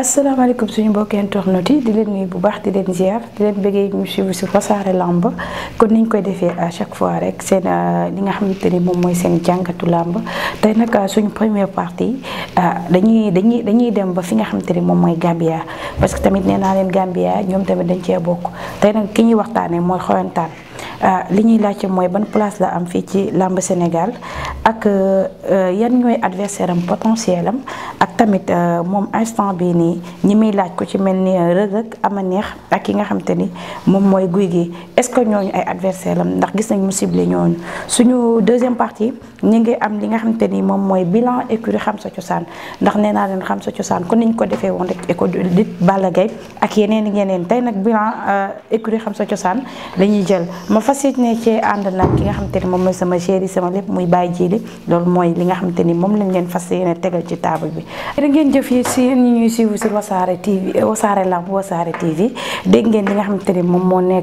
asalaamaaleykum suñu mbokki internet yi di leen nuyu bu baax di leen ziar di leen bëggee ñu suivre sur Wassare Lamb kon niñ koy defee à chaque fois rek seen euh, li nga xamante ni moom mooy seen jàngatu làmb tey nag euh, suñu première partie euh, dañuy dañuy dañuy dem ba fi nga xamante ni moom mooy Gambia parce que tamit nee naa leen Gambia ñoom tamit dañ cee bokk tey nag ki ñuy waxtaanee mooy xoyantaan. Euh, li ñuy laajte mooy ban place la am fii ci làmb Sénégal ak euh, yan ñooy adversaire am potentiel am ak tamit euh, moom instant bii nii ñi muy laaj ko ci mel ni Reug am a neex ak yi nga xam te ni moom mooy guy gi est-ce que ñooñu ay adversaire am ndax gis nañ mu ciblé ñooñu suñu deuxième partie ñi ngi am li nga xam te ni moom mooy bilan écure xam sa cosaan ndax nee naa leen xam sa cosaan kon niñ ko defee woon rek éco dit Balla Gaye ak yeneen yeneen tey nag bilan écurie xam sa cosaan la jël ma fas yéene ci ànd nag ki nga xamante ni moom mooy sama chéri sama lépp muy bàyyi jiili loolu mooy li nga xamante ni moom lañ leen fas yéene tegal ci table bi. da ngeen jëf yi si ñi ñuy suivre sur wasaare TV eh, wasaare lamb wasaare TV dégg ni moom moo euh,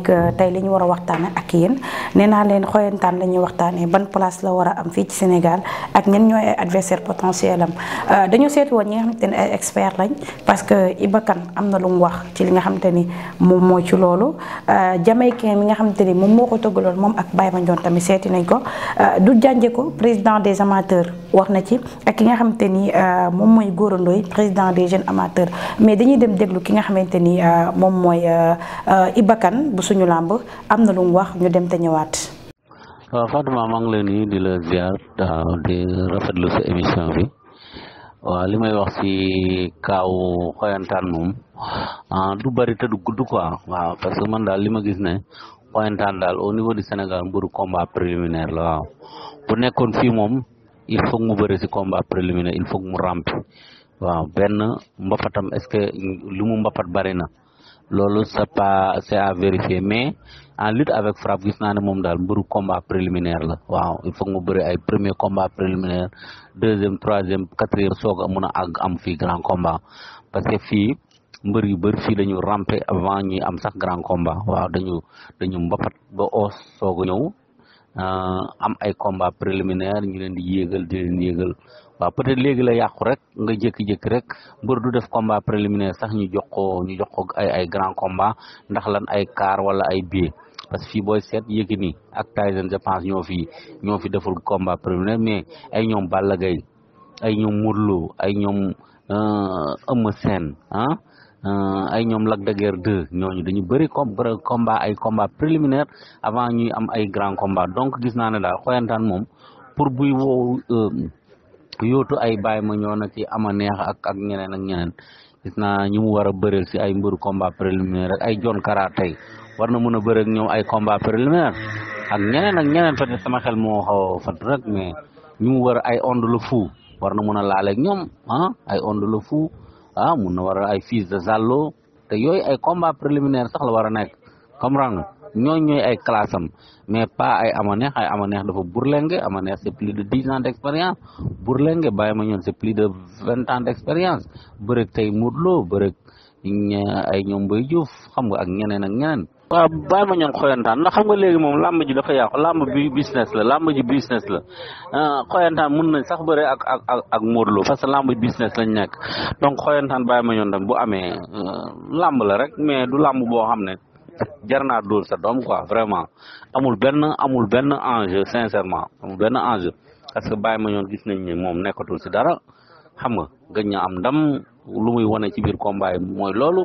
ñu war a nee ban place la war a am fii ci Sénégal ak ñan ñooy ay adversaire potentiel am euh, dañu seet woon ñi nga xamante ni ay expert lañ mu wax ci li nga xamante ni moom moo ci loolu euh, Jamaïcain mi nga xamante ni moom moo ko tëggaloon moom ak Baye Mandione tamit seeti nañ ko euh, du jànje ko président des amateurs wax na ci ak ki nga xamante ni euh, moom mooy Gora Ndoye président des jeunes amateurs mais dañuy dem déglu ki nga xamante ni euh, moom mooy Iba Kane bu suñu làmb am na lu mu wax ñu dem te ñëwaat. waaw Fatma maa ngi lay nuyu di la ziar di rafetlu sa émission bi. waaw li may wax ci kaaw xoyantaan moom ah, du bari te du gudd waaw parce que man daal li gis ne pointaan daal au niveau de Sénégal mburu combat préliminaire la waaw bu nekkoon fii moom il faut mu bëri si combat préliminaire il faut mu rampi waaw benn mbapatam est-ce que li mu mbapat bëri na loolu c'est pas c'est à vérifier mais en lutte avec frappe gis naa ne moom daal mburu combat préliminaire la waaw il faut mu bëri ay premier combat préliminaire deuxième troisième quatrième soog a mun a àgg am fii grand combat parce que fii mbër yu bëri fii dañu ramper avant ñuy am sax grand combat waw dañu dañu mbapat ba oo soog a ñëw euh, am ay combat préliminaire ñu leen di yéegal di leen yéegal waaw peut-être léegi la yàqu rek nga jékki-jékki rek mbër du def combat préliminaire sax ñu jox ko ñu jox ko ay ay grand combat ndax lan ay car wala ay billet parce que fii booy seet Yékini ak Tyson je pense ñoo fi ñoo fi deful combat préliminaire mais ay ñoom Balla Gaye ay ñoom Modou ay ñoom euh, Eumeu Sène Euh, ay ñoom Lac de Guerre ñooñu dañu bëri com combat ay combat préliminaire avant ñuy am ay grand combat donc gis naa ne daal xoyantaan moom pour buy woow euh, yootu ay bay ma ñoo na ci ama neex ak ak ñeneen ak ñeneen gis naa ñu mu war a bëreel si ay mbëru combat préliminaire ak ay joon Kara tey war na mën a bëreeg ñoom ay combat préliminaire ak ñeneen ak ñeneen peut être sama xel moo xaw a rek mais ñu mu war ay onde le fou war na mën a laaleeg ñoom ah, ay onde le fou ah mun na war a ay fils de Zallo te yooyu ay combat préliminaire sax la war a nekk comprendre ñooñ ñooy ay classe am mais pas ay amaneex ay amaneex dafa burlenge amaneex c'est plus de dix ans d'expérience burlenge bàyyi ma ñoon c'est plus de vingt ans d'expérience bërëg tey Modou Lo bërëg ay ñoom Boy xam nga ak ñeneen ak waaw bàyyi ma xoyantaan ndax xam nga léegi moom làmb ji dafa yàqu làmb bi business la làmb ji business la ah, xoyantaan mun nañ sax ba ak ak ak parce que làmb business lañ nekk donc xoyantaan baay ma ñoom tam bu amee euh, làmb la rek mais du làmb boo xam ne jar naa dóor sa doom quoi vraiment amul benn amul benn enjeu sincèrement amul benn enjeu parce que baay ma ñoom gis nañ ne moom nekkatul si dara xam nga gëj na am ndam lu muy wane ci biir combat yi mooy loolu.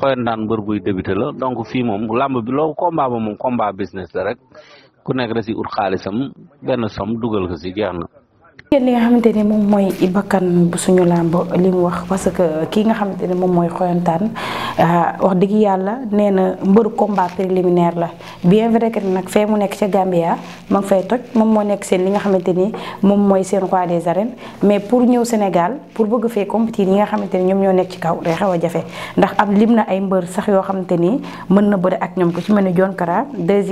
xoyantaan mbër buy débuté la donc fii moom làmb bi loolu combat ba moom combat business la rek ku nekk da si ut xaalisam benn som dugal ko si jeex na kenn li nga xamante ne moom mooy bakkan bu suñu làmb li mu wax parce que kii nga xamante ne moom mooy xoyantaan ah, wax dëgg yàlla nee na mbëru combat préliminaire la bien vrai que nag fee mu nekk ca Gambia ma ngi fay toj moom moo nekk seen li nga xamante ni moom mooy seen roi de arènes mais pour ñëw Sénégal pour bëgg fee compétir yi nga xamante ni ñoom ñoo nekk ci kaw day xaw a jafe ndax am lim na ay mbër sax yoo xamante ni mën na bëre ak ñoom ko ci mel ni John Kara de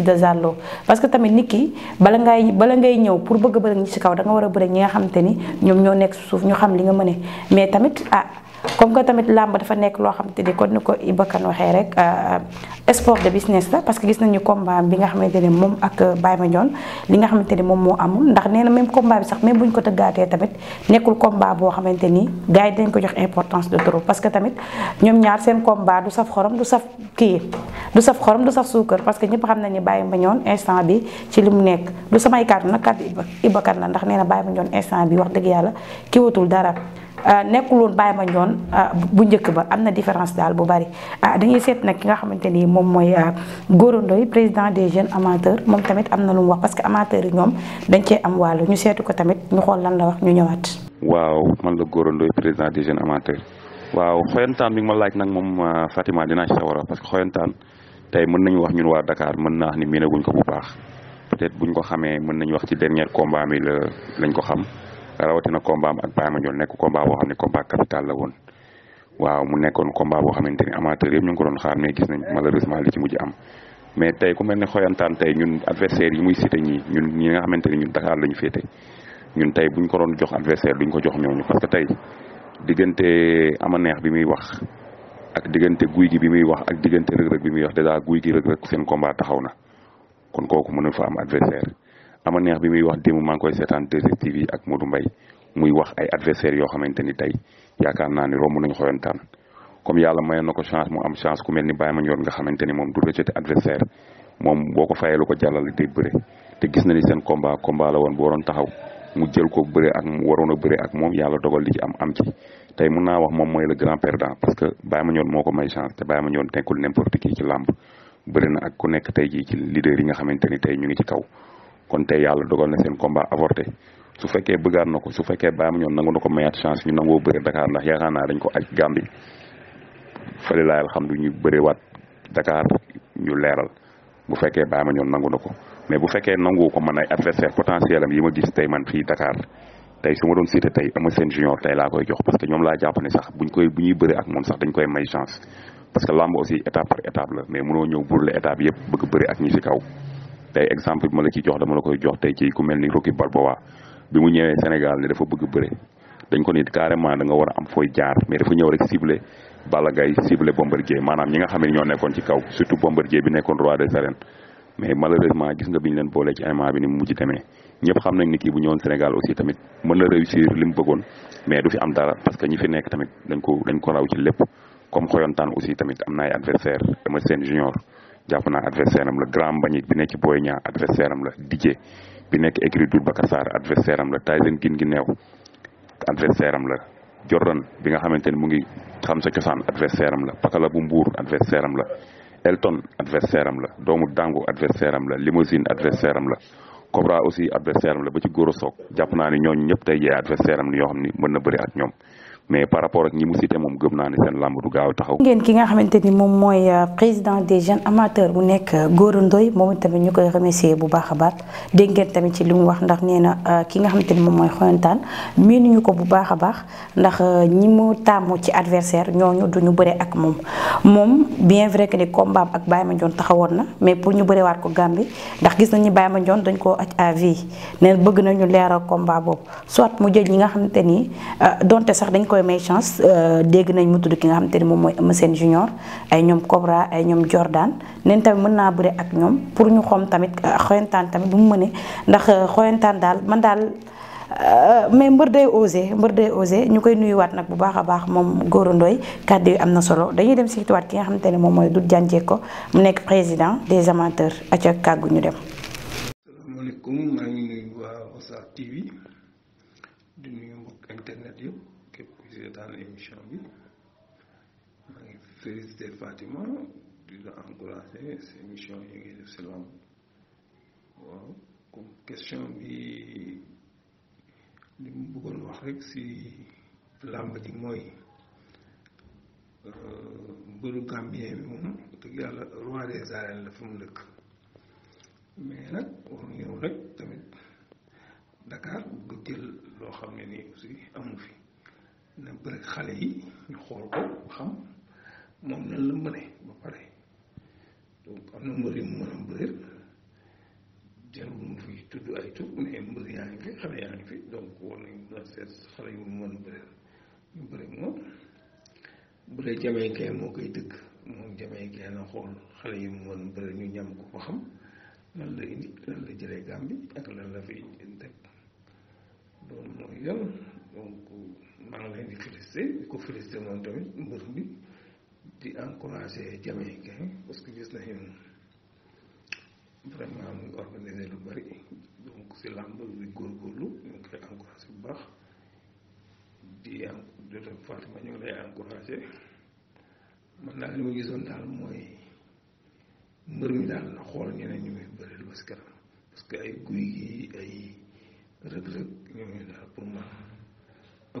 de Zallo ñi ci kaw da nga war a bëre ñi nga xamante ni ñoom ñoo nekk suuf ñu xam li nga mëne mais tamit ah comme que tamit làmb dafa nekk loo xamante ni kon ni ko Ibakan waxee rek euh, euh, sport de business la parce que gis nañu combat bi nga xamante ne moom ak euh, Baye Mandione li nga xamante ni moom moo amul ndax nee na même combat bi sax bu ñu ko tëggaatee tamit nekkul combat boo xamante ni gars yi dañ ko jox importance de trop parce que tamit ñoom ñaar seen combat du saf xorom du saf kii du saf xorom du saf suukar parce que ñëpp xam nañu Baye Mandione instant bi ci li mu nekk du samay kàddu nag kàddu Ibakan ndax nee na Baye Mandione instant bi wax dëgg yàlla kiwatul dara Euh, nekkul woon Baye Mandione euh, bu njëkk ba am na différence daal bu bari euh, dañuy seet na ki nga xamante ni moom mooy Gora Ndoye président des jeunes amateurs moom tamit am na lu mu wax parce que amateurs yi ñoom dañ cee am wàllu ñu seetu ko tamit ñu xool lan la wax ñu ñëwaat. waaw man la Gora Ndoye président des jeunes amateurs waaw xoyantaan bi nga ma laaj nag moom Fatima dinaa ci sawara parce que xoyantaan tey mën nañu wax ñun waa Dakar mën naa wax ni miinaguñ ko bu baax peut-être buñ ko xamee mën nañu wax ci dernier combat mi lañ ko xam. rawatina combat am ak Baye Mandione nekk combat boo xam ne combat capital la woon waaw mu nekkoon combat boo xamante ni amateur yëpp ñu ngi ko doon xaar mais am tey ku mel ne xoyantaan tey ñun adversaire yi muy cité ñii ñun ñi nga xamante ni ñun Dakar la ñu féete ñun tey buñ ko doon jox adversaire duñ ko jox ñooñu parce que tey diggante ama neex bi muy wax ak diggante guy gi bi muy wax ak diggante rëg-rëg bi muy wax dèjà guy gi rëg-rëg seen combat taxaw na kon kooku mënul fa am adversaire ama neex bi muy wax démb maa ngi koy seetaan 2STV ak Modou Mbaye muy wax ay adversaires yoo xamante ni tey yaakaar naa ni romb nañu xoyantaan comme yàlla mayoon ko chance mu am chance ku mel ni Baye Mandione nga xamante ni moom du rejeté adversaire moom boo ko fayee lu ko jàllale day bëre te gis na ni seen combat combat la woon bu waroon taxaw mu jël ko bëre ak mu waroon a bëre ak moom yàlla dogal li ci am am ci tey mun naa wax moom mooy le grand perdant parce que Baye Mandione moo ko may chance te Baye Mandione tekkul n'importe qui ci ak ku nekk tey jii ci leader yi nga xamante ni tey ñu ngi ci kaw kon tey yàlla dogal na seen combat avorté su fekkee bëggaat na ko su fekkee bàyyam ñoon nangu na ko mayaat chance ñu nangoo bëre Dakar ndax yaakaar naa dañ ko aj Gambie fële laay alhamdu ñu bëriwaat Dakar ñu leeral bu fekkee bàyyam ñoon nangu na ko bu fekkee nangu ko man ay adversaire potentiel am yi gis tey man fii Dakar tey su doon cité tey ama seen junior tey laa koy jox parce que ñoom laa jàpp ne sax buñ koy bu ñuy ak moom sax dañ koy may chance parce que lamb aussi étape par étape la mais mënoo ñëw yëpp bëgg bëri kaw tey exemple bi ma la ci jox dama koy jox tey ci ku mel ni Rocky Balboa bi mu ñëwee Sénégal ne dafa bëgg bëre dañ ko nit carrément da war a am fooy jaar mais dafa ñëw rek ciblé Balla Gaye ciblé Bombardier maanaam ñi nga xam ne ñoo nekkoon ci kaw surtout Bombardier bi nekkoon roi des arènes mais malheureusement gis nga bi leen boolee ni mu mujj demee ñëpp xam nañ ni kii bu tamit mën na réussir li mu mais du fi am dara parce que ñi fi nekk tamit dañ ko dañ ko raw ci lépp comme xoyontaan aussi tamit am na ay adversaire dama jàpp naa adversaire am la Grand Mbagnick bi nekk ci Boy Niang adversaire am la Didier bi nekk écurie Doudou Baka la Tyson gin gi neew adversaire am la Jordan bi nga xamante ne mu ngi xam sa cosaan adversaire am la Pakala bu mbuur adversaire am la Elton adversaire am la doomu Dangu adversaire am la Limousine adversaire am la Cobra aussi adversaire la ba ci Goro Sock jàpp naa ne ñooñ ñëpp tey jii adversaire am la yoo xam ni mën na bëri ak ñoom mais par rapport ak ñi mu cité moom gëm naa ne seen làmb du gaaw a taxaw. ki nga xamante ni moom mooy euh, président des jeunes amateur bu nekk euh, Gora Ndoye moom tamit ñu koy remercier bu baax a baax dégg ngeen tamit ci li mu wax ndax nee na euh, ki nga xamante ni moom mooy xoyantaan miinuñu ko bu baax a baax ndax ñi mu tàmmu ci adversaire ñooñu duñu bëre ak moom moom bien vrai que ni combat ak Baye Mandione taxawoon na mais pour ñu bëre waat ko Gambie ndax gis nañu Baye Mandione dañ ko aj à vie ne bëgg nañu leeral combat boobu soit mu jël ñi nga xamante ni donte sax dañ koy may chance euh, dégg nañ mu tudd ki nga xamante ni moom mooy Eumeu Sène junior ay ñoom Cobra ay ñoom Jordan neen tamit mën naa bëre ak ñoom pour ñu xoom tamit euh, xoyantaan tamit bu mu mënee ndax euh, xoyantaan daal man daal. mais mbër day osé mbër day osé ñu koy nuyuwaat nag bu baax a baax moom Gora Ndoye kàddu yi am na solo dañuy dem siituwaat ki nga xam xamante ne moom mooy du Diagne ko mu nekk président des amateurs aca kàggu ñu dem seetaan émission bi maa ngi félicité Fatima di la encouragé si émission yi ngi def si lamb waaw comme question bi li mu bëggoon wax rek si làmb ji mooy euh, mbëru Gambien bi moom dëgg yàlla roi des arènes la mu dëkk mais nag war ñëw rek tamit Dakar bëgg jël loo xam ne nii aussi amu fi na bëri xale yi ñu xool ko xam moom nan la mëne ba pare donc am na mbër yu mu mën a mbëreel jarul mu fi tudd ay tur mais mbër moom bu dee jamaykee moo koy dëkk moom jamaykee na xool xale yu mu mën a ñu ñam ko ba xam lan la indi lan la jëlee Gàmbi ak lan la fi teg loolu mooy yàlla donc maa ngi leen di félicité di ko félicité moom tamit mbër bi di encouragé jamaïcain parce que gis nañu vraiment muy organisé lu bari donc si làmb di góorgóorlu ñu ngi koy encouragé bu baax di jota Fatima ñu ngi man daal li gisoon daal mooy mbër mi daal na xool ñeneen ñu muy bëreel parce que parce que ay guy yi ay rëg-rëg ñooñu daal pour man waa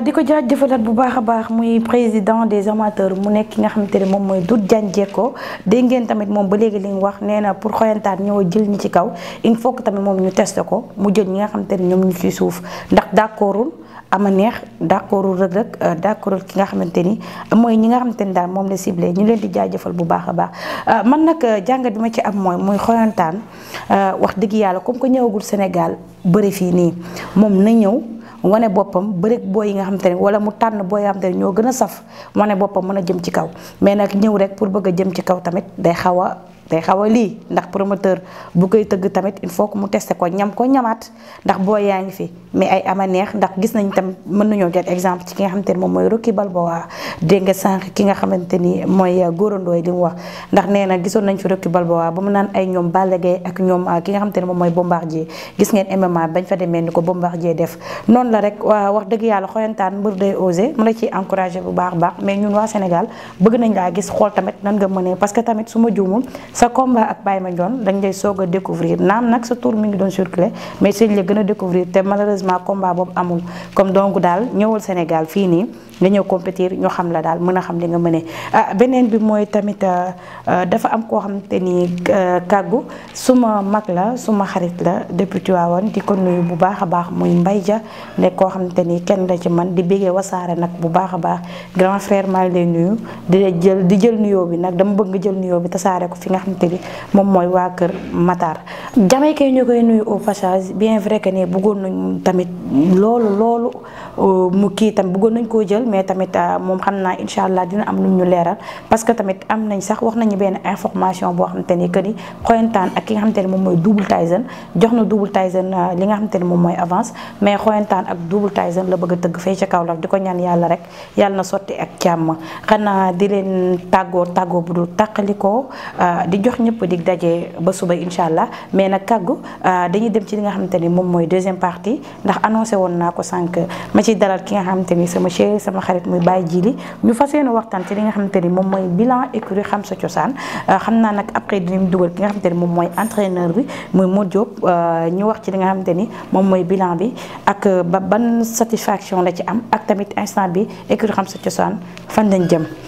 di ko jaajëfalaat bu baax a baax muy président des amateurs mu nekk ki nga xamante ne moom mooy Doudou Diagne Diecko ngeen tamit moom ba léegi li mu wax nee na pour xoyantaan ñoo jël ñi ci kaw il faut que tamit moom ñu testé ko mu jël ñi nga xam ne ñoom ñu ciy suuf ndax d'accordul ama neex d'accordul Reug Reug d'accordul ki nga xamante ni mooy ñi nga xamante ni daan moom la sible ñu leen di jaajëfal bu baax a baax euh, man nag euh, jàngat bi ma ci am mooy muy xoyantaan euh, wax dëgg yàlla comme que ñëwagul Sénégal bëri fii nii moom na ñëw wane boppam bëri booy yi nga xamante ne wala mu tànn booy am nga xamante ñoo gën a saf wane boppam mën a jëm ci kaw mais nag ñëw rek pour bëgg a jëm ci kaw tamit day xaw day xaw a lii ndax promoteur bu koy tëgg tamit il faut que mu teste ko ñam ko ñamaat ndax boo yaa ngi fi mais ay ama neex ndax gis nañ tam mën nañoo jot exemple ci ki nga xamante ni moom mooy Rocky Balboa dégg nga sànq ki nga xamante ni mooy euh, góorandooy li mu wax ndax nee na gisoon nañ fi Rocky Balboa ba mu naan ay ñoom Balla ak ñoom euh, ki nga xamante ni moom mooy Bombardier gis ngeen MMA bañ fa demee ni ko Bombardier def noonu la rek wax dëgg yàlla xoyantaan mbër day osé mu a ciy encouragé bu baax baax mais ñun waa Sénégal bëgg nañ laa gis xool tamit nan nga mënee parce que tamit su ma juumul sa combat ak ma Mandione dañ lay soog a découvrir naam nag sa tour mi ngi doon circuler mais sëñ la gën a découvrir te malheureusement combat boobu amul comme donc daal ñëwal Sénégal fii nii nga ñëw compétir ñoo xam la daal mën a xam li nga mënee ah beneen bi mooy tamit euh, euh, dafa am koo xam te ni euh, kàggu suma mag la suma xarit la depuis Tivaouane di ko nuyu bu baax a baax muy Mbaye ja nekk koo xam te ni kenn la ci man di bégee wasaare nag bu baax a baax grand maa ngi lay nuyu di jël di jël nuyoo bi nag dama bëgg nga jël nuyoo bi tasaare ko fi nga xamante moom mooy waa kër Matar Jamaïcain ñu koy nuyu au passage bien vrai que ne bëggoon nañ tamit loolu loolu Euh, mu kii tam bëggoon nañ koo jël mais tamit euh, moom xam naa incha allah dina am lu ñu leeral parce que tamit am nañ sax wax nañu benn information boo xamante ni que ni xoyantaan ak ki nga xam ne moom mooy double jox na double Tyson euh, nga xamante ne moom mooy avance mais xoyantaan ak double la bëgg tëgg fay ca kaw la ñaan yàlla rek yàlla na sotti ak càmm xanaa di leen tàggoo tàggoo bu dul tàqalikoo di jox ñëpp di daje ba suba incha allah mais nag kàggu dañuy dem ci li nga xamante ni moom mooy deuxième partie ndax annoncé woon naa ko sànq. ci dalal ki nga xamante ni sama chéri sama xarit muy jii Djili ñu fas yéene waxtaan ci li nga xamante ni moom mooy bilan écurie xam sa cosaan euh, xam naa nag après dinañ dugal ki nga xamante ni moom mooy entraîneur bi muy Modou Diop euh, ñu wax ci li nga xamante ni moom mooy bilan bi ak euh, ba ban satisfaction la ci am ak tamit instant bi écurie xam sa cosaan fan lañ jëm